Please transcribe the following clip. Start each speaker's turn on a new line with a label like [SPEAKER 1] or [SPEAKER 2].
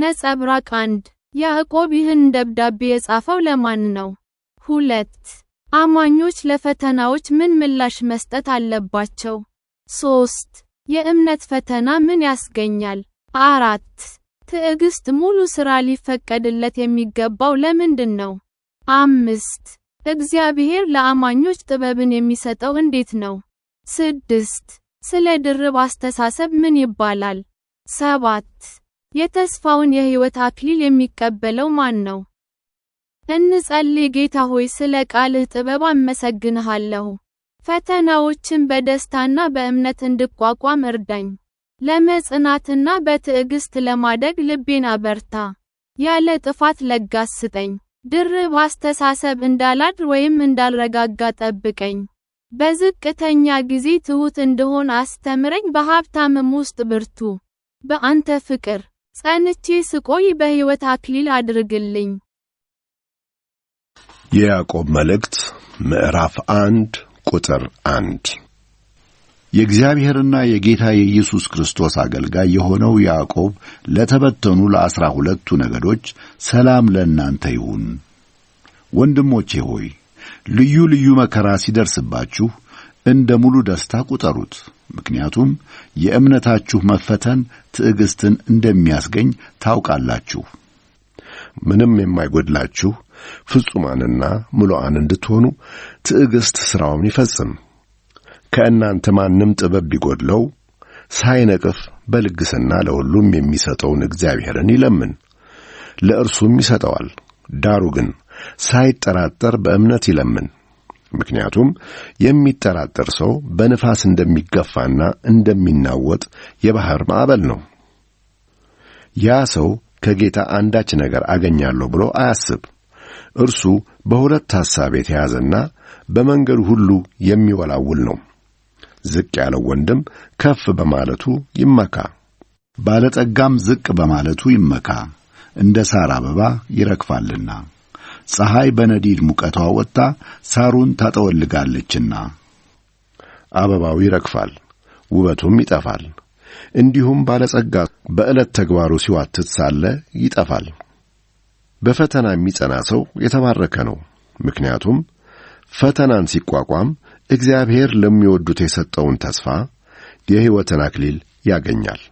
[SPEAKER 1] ነጸብራቅ አንድ ያዕቆብ ይህን ደብዳቤ የጻፈው ለማን ነው? ሁለት አማኞች ለፈተናዎች ምን ምላሽ መስጠት አለባቸው? ሶስት የእምነት ፈተና ምን ያስገኛል? አራት ትዕግስት ሙሉ ስራ ሊፈቀድለት የሚገባው ለምንድን ነው? አምስት እግዚአብሔር ለአማኞች ጥበብን የሚሰጠው እንዴት ነው? ስድስት ስለ ድርብ አስተሳሰብ ምን ይባላል? ሰባት የተስፋውን የሕይወት አክሊል የሚቀበለው ማን ነው? እንጸልይ። ጌታ ሆይ ስለ ቃልህ ጥበብ አመሰግንሃለሁ። ፈተናዎችን በደስታና በእምነት እንድቋቋም እርዳኝ። ለመጽናትና በትዕግስት ለማደግ ልቤን አበርታ። ያለ ጥፋት ለጋስ ስጠኝ። ድርብ አስተሳሰብ እንዳላድር ወይም እንዳልረጋጋ ጠብቀኝ። በዝቅተኛ ጊዜ ትሑት እንድሆን አስተምረኝ። በሀብታምም ውስጥ ብርቱ። በአንተ ፍቅር ጸንቼ ስቆይ በሕይወት አክሊል አድርግልኝ።
[SPEAKER 2] የያዕቆብ መልእክት ምዕራፍ አንድ ቁጥር አንድ የእግዚአብሔርና የጌታ የኢየሱስ ክርስቶስ አገልጋይ የሆነው ያዕቆብ ለተበተኑ ለአስራ ሁለቱ ነገዶች ሰላም ለእናንተ ይሁን። ወንድሞቼ ሆይ ልዩ ልዩ መከራ ሲደርስባችሁ እንደ ሙሉ ደስታ ቁጠሩት። ምክንያቱም የእምነታችሁ መፈተን ትዕግስትን እንደሚያስገኝ ታውቃላችሁ። ምንም የማይጎድላችሁ ፍጹማንና ምሉዓን እንድትሆኑ ትዕግስት ሥራውን ይፈጽም። ከእናንተ ማንም ጥበብ ቢጎድለው ሳይነቅፍ በልግስና ለሁሉም የሚሰጠውን እግዚአብሔርን ይለምን፣ ለእርሱም ይሰጠዋል። ዳሩ ግን ሳይጠራጠር በእምነት ይለምን ምክንያቱም የሚጠራጠር ሰው በንፋስ እንደሚገፋና እንደሚናወጥ የባህር ማዕበል ነው። ያ ሰው ከጌታ አንዳች ነገር አገኛለሁ ብሎ አያስብ። እርሱ በሁለት ሐሳብ የተያዘና በመንገዱ ሁሉ የሚወላውል ነው። ዝቅ ያለው ወንድም ከፍ በማለቱ ይመካ፣ ባለጠጋም ዝቅ በማለቱ ይመካ፣ እንደ ሣር አበባ ይረግፋልና። ፀሐይ በነዲድ ሙቀቷ ወጥታ ሳሩን ታጠወልጋለችና አበባው ይረግፋል፣ ውበቱም ይጠፋል። እንዲሁም ባለጸጋ በዕለት ተግባሩ ሲዋትት ሳለ ይጠፋል። በፈተና የሚጸና ሰው የተባረከ ነው። ምክንያቱም ፈተናን ሲቋቋም እግዚአብሔር ለሚወዱት የሰጠውን ተስፋ የሕይወትን አክሊል ያገኛል።